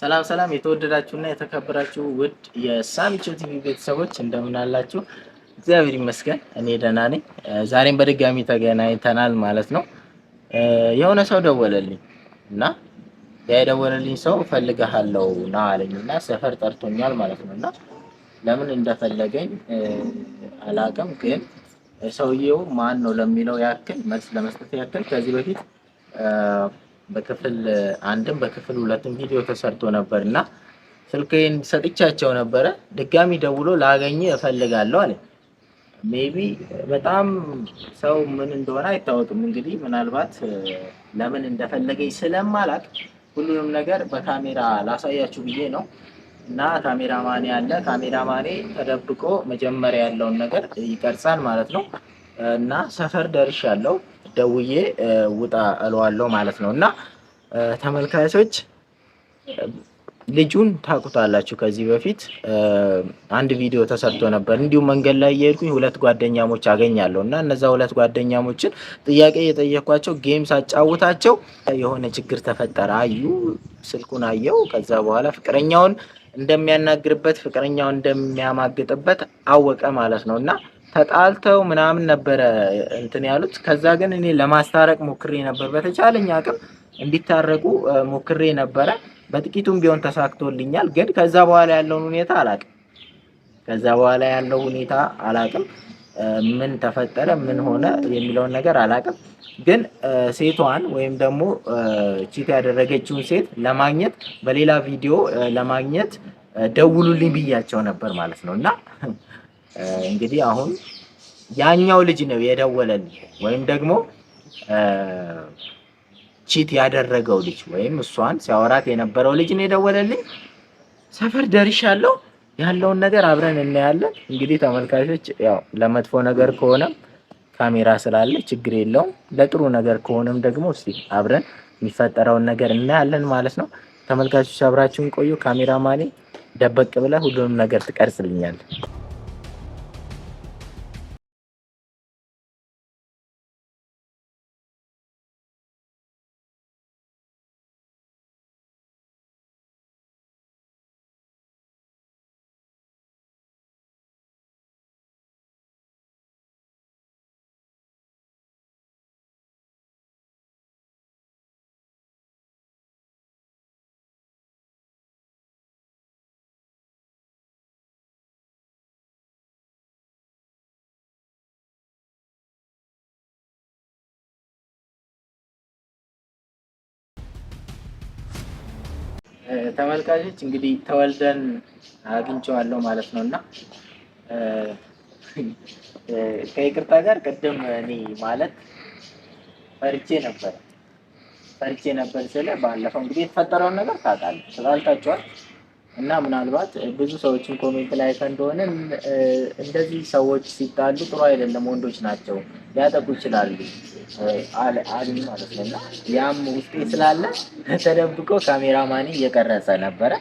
ሰላም ሰላም የተወደዳችሁና የተከበራችሁ ውድ የሳሚቾ ቲቪ ቤተሰቦች እንደምን አላችሁ? እግዚአብሔር ይመስገን እኔ ደህና ነኝ። ዛሬም በድጋሚ ተገናኝተናል ማለት ነው። የሆነ ሰው ደወለልኝ እና ያ የደወለልኝ ሰው እፈልግሃለሁ ና አለኝ እና ሰፈር ጠርቶኛል ማለት ነው እና ለምን እንደፈለገኝ አላውቅም፣ ግን ሰውየው ማን ነው ለሚለው ያክል መልስ ለመስጠት ያክል ከዚህ በፊት በክፍል አንድም በክፍል ሁለትም ቪዲዮ ተሰርቶ ነበር እና ስልኬን ሰጥቻቸው ነበረ። ድጋሚ ደውሎ ላገኝ እፈልጋለሁ አለ። ሜቢ በጣም ሰው ምን እንደሆነ አይታወቅም። እንግዲህ ምናልባት ለምን እንደፈለገኝ ስለማላቅ ሁሉንም ነገር በካሜራ ላሳያችሁ ብዬ ነው እና ካሜራ ማኔ አለ። ካሜራ ማኔ ተደብቆ መጀመሪያ ያለውን ነገር ይቀርጻል ማለት ነው እና ሰፈር ደርሻለሁ። ደውዬ ውጣ እለዋለሁ ማለት ነው። እና ተመልካቾች ልጁን ታውቁታላችሁ። ከዚህ በፊት አንድ ቪዲዮ ተሰርቶ ነበር። እንዲሁም መንገድ ላይ እየሄድኩኝ ሁለት ጓደኛሞች አገኛለሁ እና እነዛ ሁለት ጓደኛሞችን ጥያቄ እየጠየኳቸው ጌም ሳጫውታቸው የሆነ ችግር ተፈጠረ። አዩ ስልኩን አየው። ከዛ በኋላ ፍቅረኛውን እንደሚያናግርበት፣ ፍቅረኛውን እንደሚያማግጥበት አወቀ ማለት ነው እና ተጣልተው ምናምን ነበረ እንትን ያሉት። ከዛ ግን እኔ ለማስታረቅ ሞክሬ ነበር፣ በተቻለኝ አቅም እንዲታረቁ ሞክሬ ነበረ። በጥቂቱም ቢሆን ተሳክቶልኛል። ግን ከዛ በኋላ ያለውን ሁኔታ አላቅም። ከዛ በኋላ ያለው ሁኔታ አላቅም። ምን ተፈጠረ፣ ምን ሆነ የሚለውን ነገር አላቅም። ግን ሴቷን ወይም ደግሞ ቺት ያደረገችውን ሴት ለማግኘት በሌላ ቪዲዮ ለማግኘት ደውሉልኝ ብያቸው ነበር ማለት ነው እና እንግዲህ አሁን ያኛው ልጅ ነው የደወለልኝ ወይም ደግሞ ቺት ያደረገው ልጅ ወይም እሷን ሲያወራት የነበረው ልጅ ነው የደወለልኝ። ሰፈር ደርሻለሁ፣ ያለውን ነገር አብረን እናያለን። እንግዲህ ተመልካቾች፣ ያው ለመጥፎ ነገር ከሆነም ካሜራ ስላለ ችግር የለውም፣ ለጥሩ ነገር ከሆነም ደግሞ እስቲ አብረን የሚፈጠረውን ነገር እናያለን ማለት ነው። ተመልካቾች አብራችሁን ቆዩ። ካሜራ ማኔ ደበቅ ብለህ ሁሉንም ነገር ትቀርጽልኛለህ። ተመልካቾች እንግዲህ ተወልደን አግኝቼዋለሁ ማለት ነው እና ከይቅርታ ጋር ቅድም እኔ ማለት ፈርቼ ነበር ፈርቼ ነበር ስለ ባለፈው እንግዲህ የተፈጠረውን ነገር ታውቃለህ ስላልታችኋል እና ምናልባት ብዙ ሰዎችን ኮሜንት ላይ እንደሆነ እንደዚህ ሰዎች ሲጣሉ ጥሩ አይደለም፣ ወንዶች ናቸው ሊያጠቁ ይችላሉ አሉ ማለት ነው። እና ያም ውስጤ ስላለ ተደብቆ ካሜራማኔ እየቀረጸ ነበረ።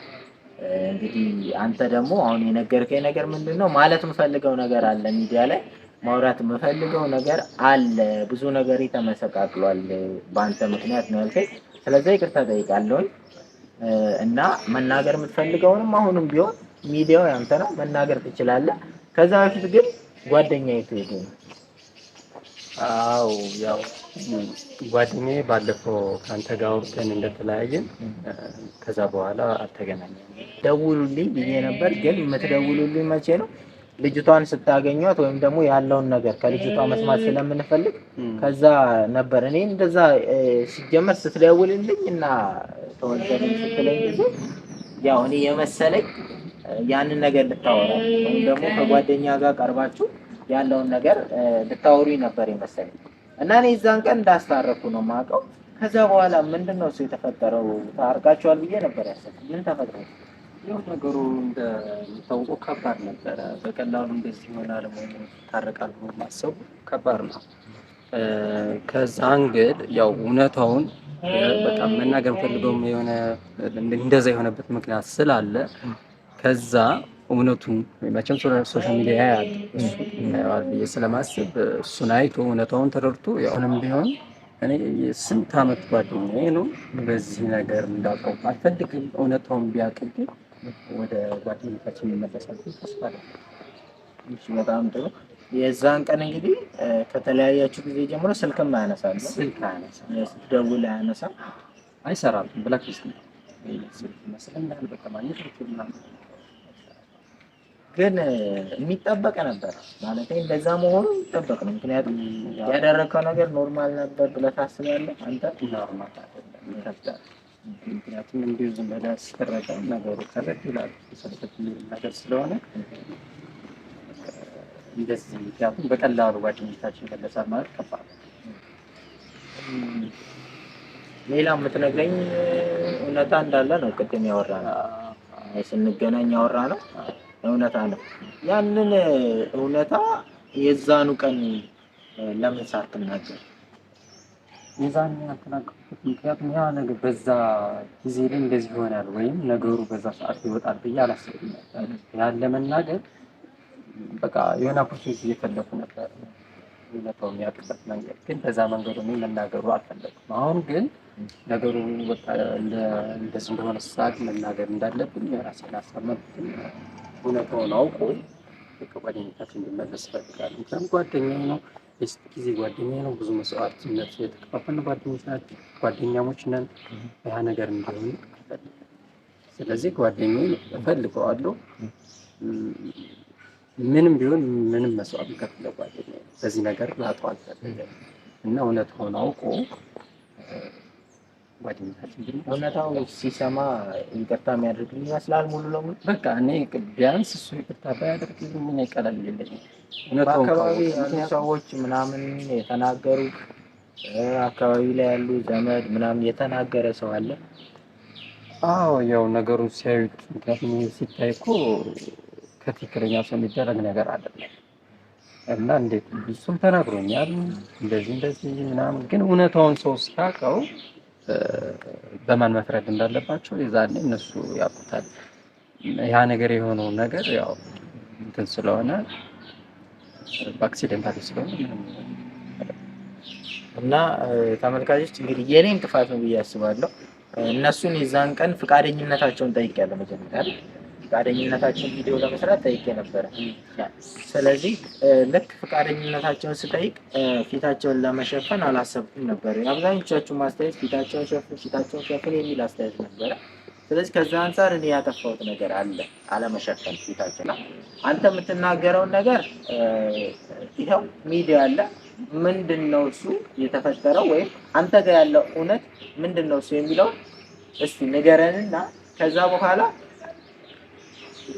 እንግዲህ አንተ ደግሞ አሁን የነገርከኝ ነገር ምንድን ነው? ማለት የምፈልገው ነገር አለ፣ ሚዲያ ላይ ማውራት የምፈልገው ነገር አለ። ብዙ ነገር ተመሰቃቅሏል፣ በአንተ ምክንያት ነው ያልከኝ። ስለዚ ይቅርታ ጠይቃለሁኝ። እና መናገር የምትፈልገውንም አሁንም ቢሆን ሚዲያው ያንተ ነው፣ መናገር ትችላለህ። ከዛ በፊት ግን ጓደኛ የትሄዱ ነው? አዎ ያው ጓደኛ ባለፈው ከአንተ ጋር አውርተን እንደተለያየን ከዛ በኋላ አልተገናኘንም። ደውሉልኝ ብዬ ነበር፣ ግን የምትደውሉልኝ መቼ ነው? ልጅቷን ስታገኟት ወይም ደግሞ ያለውን ነገር ከልጅቷ መስማት ስለምንፈልግ ከዛ ነበር እኔ እንደዛ ሲጀመር ስትደውልልኝ እና ተወንዘል ስትለኝ ጊዜ ያው እኔ የመሰለኝ ያንን ነገር ልታወራ ወይም ደግሞ ከጓደኛ ጋር ቀርባችሁ ያለውን ነገር ልታወሩ ነበር የመሰለኝ እና እኔ እዛን ቀን እንዳስታረኩ ነው የማውቀው። ከዛ በኋላ ምንድን ነው እሱ የተፈጠረው ታርቃችኋል ብዬ ነበር ያሰብኩት። ምን ተፈጥሮ ያው ነገሩ እንደሚታወቀው ከባድ ነበረ። በቀላሉ እንደዚህ ይሆናል ወይ ታረቃል ብሎ ማሰቡ ከባድ ነው። ከዛ አንግል ያው እውነታውን በጣም መናገር ፈልገውም የሆነ እንደዛ የሆነበት ምክንያት ስላለ ከዛ እውነቱን መቼም ሶሻል ሚዲያ ያያል እሱ ያዋል ብዬ ስለማስብ እሱን አይቶ እውነታውን ተረድቶ ያሁንም ቢሆን እኔ ስንት አመት ጓደኛዬ ነው በዚህ ነገር እንዳውቀው አልፈልግም። እውነታውን ቢያውቅ ወደ ይመለሳል ተስፋ በጣም ጥሩ። የዛን ቀን እንግዲህ ከተለያያችሁ ጊዜ ጀምሮ ስልክም አያነሳም፣ ስልክ አያነሳም፣ ደውል አያነሳም፣ አይሰራም። ብላክ ሊስት ነው ግን የሚጠበቅ ነበር ማለት እንደዛ መሆኑ የሚጠበቅ ነው። ምክንያቱም ያደረግከው ነገር ኖርማል ነበር ብለህ ታስባለህ አንተ ኖርማል ምክንያቱም እንዲሁ ዝም ብለህ ሲተረቀ ነገሩ ተረድ ይላሉ ሰሰት ነገር ስለሆነ እንደዚህ ምክንያቱም በቀላሉ ጓደኞቻችን ገለጻል ማለት ከባድ። ሌላ የምትነግረኝ እውነታ እንዳለ ነው። ቅድም ያወራ ነው ስንገናኝ ያወራ ነው እውነታ ነው። ያንን እውነታ የዛኑ ቀን ለምን ሳትናገር የዛን ያልተናገርኩት ምክንያቱም ያ ነገር በዛ ጊዜ ላይ እንደዚህ ይሆናል ወይም ነገሩ በዛ ሰዓት ይወጣል ብዬ አላሰብኩም ነበር። ያን ለመናገር በቃ የሆነ ኦፖርቹኒቲ እየፈለኩ ነበር እውነታው የሚያውቅበት መንገድ ግን በዛ መንገዱ እኔ መናገሩ አልፈለኩም። አሁን ግን ነገሩ እንደዚህ እንደሆነ ሰዓት መናገር እንዳለብን የራሴን አሳመንኩት። እውነታውን አውቆ ወደ ቤታችን እንዲመለስ ይፈልጋል። ምክንያቱም ጓደኛ ነው የስንት ጊዜ ጓደኛ ነው። ብዙ መስዋዕትነት የተከፋፈልን ጓደኞች ናቸው፣ ጓደኛሞች ነን። ያ ነገር እንዲሆን ስለዚህ ጓደኛ እፈልገዋለሁ። ምንም ቢሆን ምንም መስዋዕት ከፍለ ጓደኛ በዚህ ነገር ላጠዋል እና እውነት ሆነ አውቆ እውነታው ሲሰማ ይቅርታ የሚያደርግልኝ ይመስላል። ሙሉ ለሙሉ በቃ እኔ ቢያንስ እሱ ይቅርታ ባያደርግ ምን ይቀላል የለኝም። በአካባቢ ሰዎች ምናምን የተናገሩ አካባቢ ላይ ያሉ ዘመድ ምናምን የተናገረ ሰው አለ። አዎ ያው ነገሩን ሲያዩት፣ ምክንያቱም ሲታይ እኮ ከትክክለኛ ሰው የሚደረግ ነገር አይደለም እና እንዴት እሱም ተናግሮኛል እንደዚህ እንደዚህ ምናምን፣ ግን እውነታውን ሰው ሲያውቀው በማን መፍረድ እንዳለባቸው የዛኔ እነሱ ያውቁታል። ያ ነገር የሆነው ነገር ያው እንትን ስለሆነ በአክሲደንታል ስለሆነ እና ተመልካቾች እንግዲህ የኔም ጥፋት ነው ብዬ አስባለሁ። እነሱን የዛን ቀን ፍቃደኝነታቸውን ጠይቄያለሁ መጀመሪያ ፍቃደኝነታቸውን ቪዲዮ ለመስራት ጠይቄ ነበረ። ስለዚህ ልክ ፍቃደኝነታቸውን ስጠይቅ ፊታቸውን ለመሸፈን አላሰብኩም ነበር። አብዛኞቻችሁ ማስተያየት ፊታቸውን ሸፍን፣ ፊታቸውን ሸፍን የሚል አስተያየት ነበረ። ስለዚህ ከዛ አንጻር እኔ ያጠፋሁት ነገር አለ፣ አለመሸፈን ፊታቸው። አንተ የምትናገረውን ነገር ይኸው ሚዲያ አለ። ምንድን ነው እሱ የተፈጠረው ወይም አንተ ጋር ያለው እውነት ምንድን ነው እሱ የሚለውን እስቲ ንገረንና ከዛ በኋላ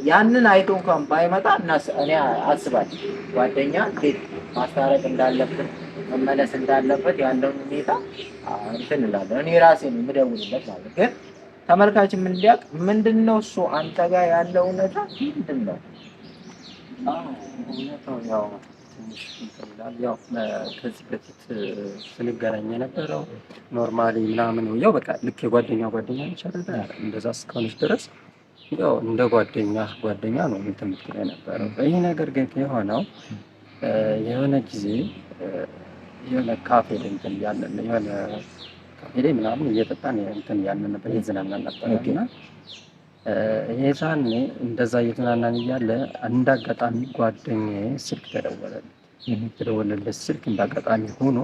ያንን አይቶ እንኳን ባይመጣ እና እኔ አስባል ጓደኛ እንዴት ማስታረቅ እንዳለብን መመለስ እንዳለበት ያለውን ሁኔታ እንትን እላለሁ። እኔ ራሴ ነው የምደውልለት ማለት ግን ተመልካችም እንዲያውቅ ምንድን ነው እሱ አንተ ጋር ያለው እውነታ ምንድን ነው? ከዚህ በፊት ስንገናኝ የነበረው ኖርማሊ ምናምን ያው በቃ ልክ የጓደኛ ጓደኛ ይቻላል እንደዛ እስከሆነች ድረስ ያው እንደ ጓደኛ ጓደኛ ነው ትምህርት ላይ ነበረው። ይህ ነገር ግን የሆነው የሆነ ጊዜ የሆነ ካፌ ላይ እንትን ያለን የሆነ ካፌ ላይ ምናምን እየጠጣን እንትን እያለ ነበር እየዝናናን ነበር እና የዛኔ እንደዛ እየዝናናን እያለ እንዳጋጣሚ ጓደኛዬ ስልክ ተደወለልኝ። የተደወለለት ስልክ እንዳጋጣሚ ሆኖ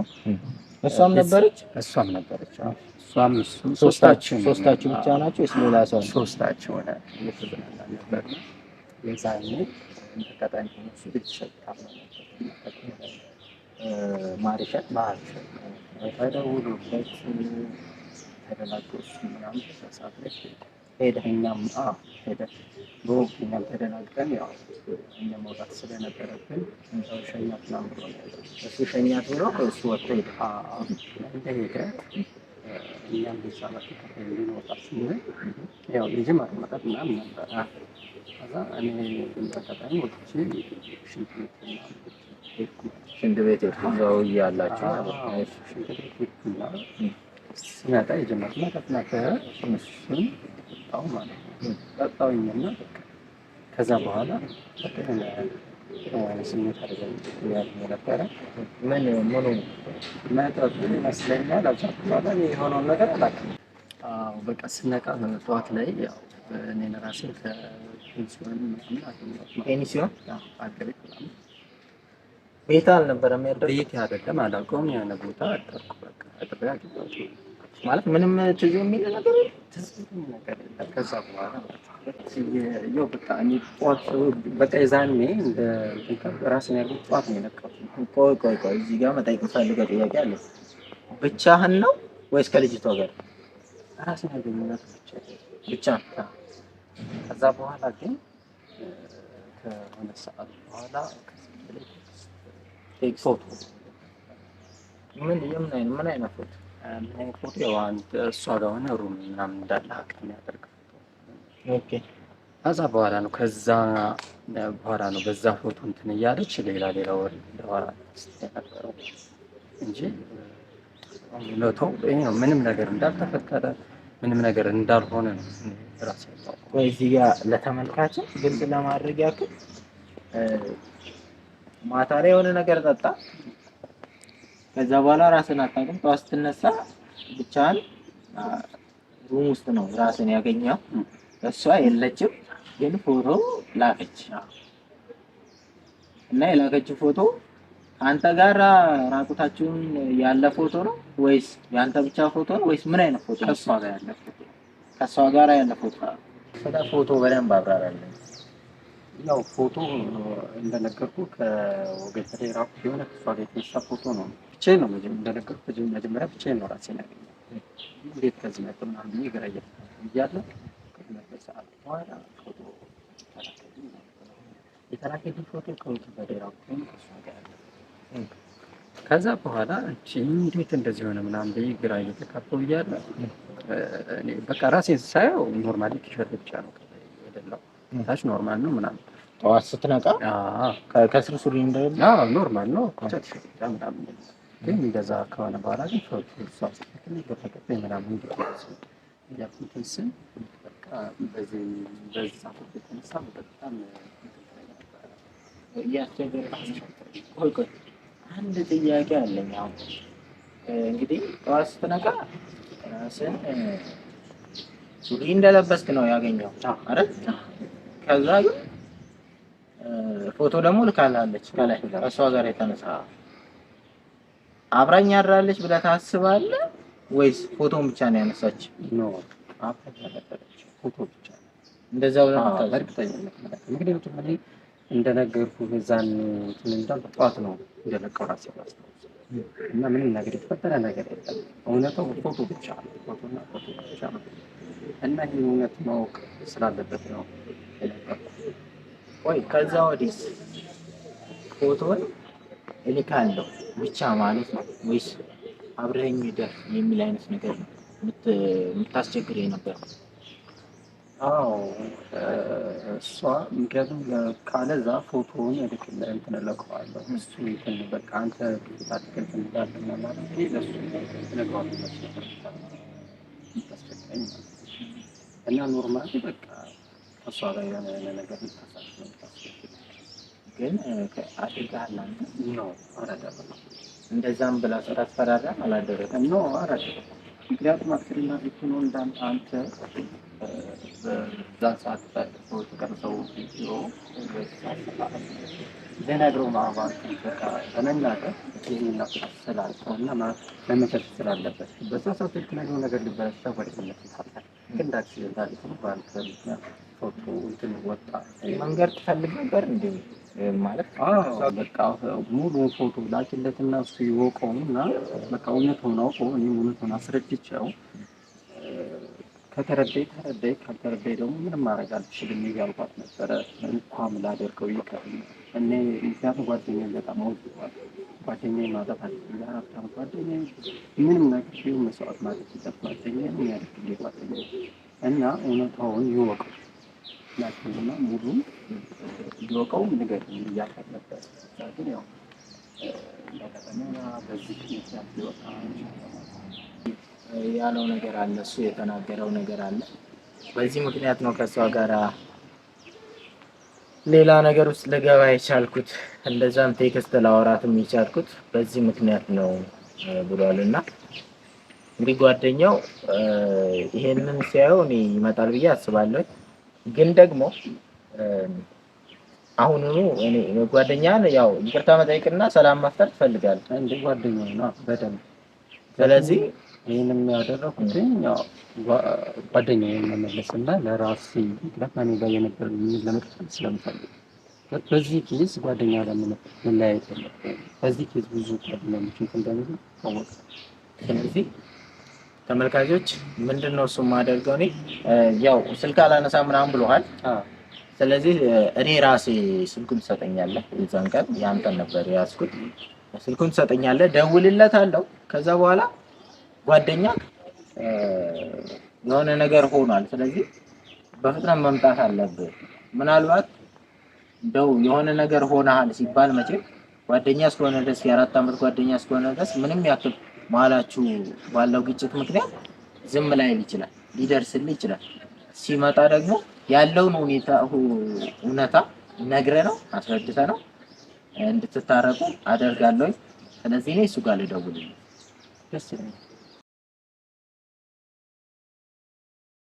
እሷም ነበረች እሷም ነበረች እሷም ሶስታችን ሶስታችን ብቻ ናቸው ወይስ ሌላ ሰው ሶስታችን ሆነ እየተዝናና ነበር የዛኔ አጋጣሚ ሆኖ እሱ ቤተሰብ ታማ ነበር ተደውሎለት ተደላጎ ምናምን ተሳሳት ላይ ሄደህ እኛም ሄደህ በወቅቱ እኛም ተደናግጠን ያው እኛ መውጣት ስለነበረብን እዛው ሸኛት ምናምን ብሎ እሱ ሸኛት ብሎ ከእሱ ወጥቶ ሄደ። እንደሄደ እኛም ቤዛ በተከታይ እንድንወጣ ስንል ያው ልጅም አትመጣት ምናምን ነበረ። ከዛ እኔ አጋጣሚ ወጥቼ ሽንት ቤት ሽንት ቤት ሄድኩ። እዛው ሽንት ቤት ሄድኩና ስመጣ መጠጥ ነበረ እሱን ጠጣሁ ማለት ነው። ጠጣሁኝና ከዛ በኋላ ስሜት አደገኝ ነበረ። ምን ምኑ መጠጡ ይመስለኛል። አብቻ የሆነውን ነገር አላውቅም። በቃ ስነቃ ጠዋት ላይ እኔን ራሴ ቤት አልነበረም። ቤት አይደለም አላውቀውም። የሆነ ቦታ አጠርኩ። በቃ አጥሬ ማለት ምንም ትዝ የሚል ነገር ከዛ በኋላ በቃ የዛኔ ራስን ያሉ ጠዋት ነው የለቀኩት። ቆይ ቆይ ቆይ እዚህ ጋር መጠየቅ ፈልገው ጥያቄ አለ። ብቻህን ነው ወይስ ከልጅቷ ጋር? ራስን ብቻ። ከዛ በኋላ ግን ከሆነ ሰዓት በኋላ ፎቶ ምን የምን አይነት ፎቶ ምንም ፎቶ እሷ ጋር ሆነ ሩም ምናምን እንዳለ ሀቅ የሚያደርግ ከዛ በኋላ ነው ከዛ በኋላ ነው በዛ ፎቶ እንትን እያለች ሌላ ሌላ ወር ደኋላ ነበረው እንጂ ነው። ምንም ነገር እንዳልተፈጠረ ምንም ነገር እንዳልሆነ ነው ራሴ ወይ እዚህ ለተመልካችን ግልጽ ለማድረግ ያክል ማታ ላይ የሆነ ነገር ጠጣ ከዛ በኋላ ራስን አታውቅም። ጠዋት ስትነሳ ብቻን ሩም ውስጥ ነው ራስን ያገኘው። እሷ የለችም፣ ግን ፎቶ ላከች እና የላከች ፎቶ አንተ ጋር ራቁታችሁን ያለ ፎቶ ነው ወይስ የአንተ ብቻ ፎቶ ነው ወይስ ምን አይነት ፎቶ? ከእሷ ጋር ያለ ፎቶ። ከእሷ ጋር ያለ ፎቶ። ስለ ፎቶ በደንብ አብራራለን። ያው ፎቶ እንደነገርኩ ከወገተሬ ራቁት የሆነ ከእሷ ጋር የተነሳ ፎቶ ነው ብቻዬን ነው እንደነገርኩህ፣ መጀመሪያ ብቻዬን ነው ራሴን ያገኘሁት። እንዴት ከዚህ መጡ ምናምን ብዬ ግራ እየተባለሁ እያለ ከሁለት ሰዓት በኋላ ፎቶ የተላከልኝ ፎቶ ከውጭ በሌላ ከእሷ ጋር ያለ ከዛ በኋላ እቺ እንዴት እንደዚህ ሆነ ምናምን ብዬ ግራ እየተካፈው እያለ በቃ ራሴን ሳየው ኖርማሊ ቲሸርት ብቻ ነው የሌለው፣ ታች ኖርማል ነው ምናምን። ጠዋት ስትነቃ ከስር ሱሪ እንዳለ ኖርማል ነው ቲሸርት ብቻ ምናምን ግን እንደዛ ከሆነ በኋላ ግን ሰዎቹ ሳስተክል በተቀጠ ምናምን እንዲቆስ እያኩንትንስን የተነሳ በጣም እያስቸገረ ቆይ አንድ ጥያቄ አለኝ። አሁን እንግዲህ ጠዋት ስትነቃ ራስን ሱሪ እንደለበስክ ነው ያገኘው አረ ከዛ ግን ፎቶ ደግሞ ልካላለች ከላይ ከእሷ ጋር የተነሳ አብራኝ ያድራለች ብለህ ታስባለህ ወይስ ፎቶን ብቻ ነው ያነሳች? ኖ ፎቶ ብቻ እንደዛው ብለህ ነው እንደለቀው እና ምንም ነገር የተፈጠረ ነገር የለም። እውነታው ፎቶ ብቻ ነው፣ ፎቶና ፎቶ ብቻ ነው። እና ይህን እውነት ማወቅ ስላለበት ነው የለቀኩት። ቆይ ከዛ ወዲህ ፎቶን እልካለሁ ብቻ ማለት ነው ወይስ አብረኝ ደር የሚል አይነት ነገር ነው የምታስቸግር የነበረው? አዎ እሷ ምክንያቱም ካለዛ ፎቶውን እልክለ እንትን እልከዋለሁ እሱ እንትን በቃ አንተ ታትክልት እንዳለና ማለት ለሱ ነግሯል ታስቸግረኝ እና ኖርማሊ በቃ እሷ ላይ የሆነ ነገር ልታሳ ታስቸግረኝ ግን አድርገሃል አንተ? ነው እንደዛም ብላ ስታስፈራራም አላደረገም። ነው አላደረኩም። ምክንያቱም አክስሪና ቤቱ ነው እንዳንተ አንተ በዛ ሰዓት ሰዎች ቀርሰው ቢሮ ልነግረው ማባል በቃ በመናገር ይህና ስላልሰው እና መመሰል ስላለበት በዛ ሰዓት ልትነግረው ነገር ሊበላሽ ወደ ፍለት ይታል ግን እንዳክሲደንታል ባንተ ምክንያት ፎቶ እንትን ወጣ መንገድ ትፈልግ ነበር እንደ ማለት በቃ ሙሉውን ፎቶ ላኪለትና እሱ ይወቀው እና በቃ እውነቱን አውቆ እኔም እውነቱን አስረድቼው ከተረዳይ ተረዳይ ካልተረዳይ ደግሞ ምንም ማድረግ አልችልም እያልኳት ነበረ። እንኳም ላደርገው ይቀር እኔ ምክንያቱም ጓደኛ በጣም አውጥዋለሁ። ጓደኛ ማጣት አለብኝ። ጓደኛ ምንም ነገር ቢሆን መስዋዕት ማለት ይጠብ ጓደኛዬን የሚያደርግልኝ ጓደኛዬን እና እውነታውን ይወቀው ናቸውና ሙሉም ቢወቀው ንገር ነበር። ግን ያው በዚህ ምክንያት ሊወጣ ያለው ነገር አለ፣ እሱ የተናገረው ነገር አለ። በዚህ ምክንያት ነው ከእሷ ጋር ሌላ ነገር ውስጥ ልገባ የቻልኩት፣ እንደዛም ቴክስት ላወራትም የቻልኩት በዚህ ምክንያት ነው ብሏል እና እንግዲህ ጓደኛው ይሄንን ሲያየው እኔ ይመጣል ብዬ አስባለሁ። ግን ደግሞ አሁኑኑ እኔ ጓደኛህን ያው ይቅርታ መጠየቅና ሰላም ማፍጠር ትፈልጋለህ እንዴ? ጓደኛ ነው በደንብ። ስለዚህ ይህንም ያው ጓደኛ መመለስና ለራሴ ምክንያት ከእኔ ጋር የነበር ለመጠቀም ስለምፈልግ በዚህ ኬዝ ጓደኛ ለምን ላይ ለመለያየት በዚህ ኬዝ ብዙ ጓደኛ ምን እንደሆነ ታወቀ። ስለዚህ ተመልካቾች ምንድን ነው እሱ የማደርገው እኔ ያው ስልክ አላነሳ ምናምን ብሎሃል። ስለዚህ እኔ ራሴ ስልኩን ትሰጠኛለህ። የዛን ቀን ያንተን ነበር ያዝኩት። ስልኩን ትሰጠኛለህ፣ አለው። ከዛ በኋላ ጓደኛ የሆነ ነገር ሆኗል፣ ስለዚህ በፍጥነት መምጣት አለብህ። ምናልባት እንደው የሆነ ነገር ሆነሃል ሲባል መቼም ጓደኛ እስከሆነ ድረስ የአራት ዓመት ጓደኛ እስከሆነ ድረስ ምንም ያክል መሀላችሁ ባለው ግጭት ምክንያት ዝም ላይል ይችላል፣ ሊደርስል ይችላል። ሲመጣ ደግሞ ያለውን ሁኔታ እውነታ ነግረ ነው አስረድተ ነው እንድትታረቁ አደርጋለሁ። ስለዚህ እኔ እሱ ጋር ልደውል ደስ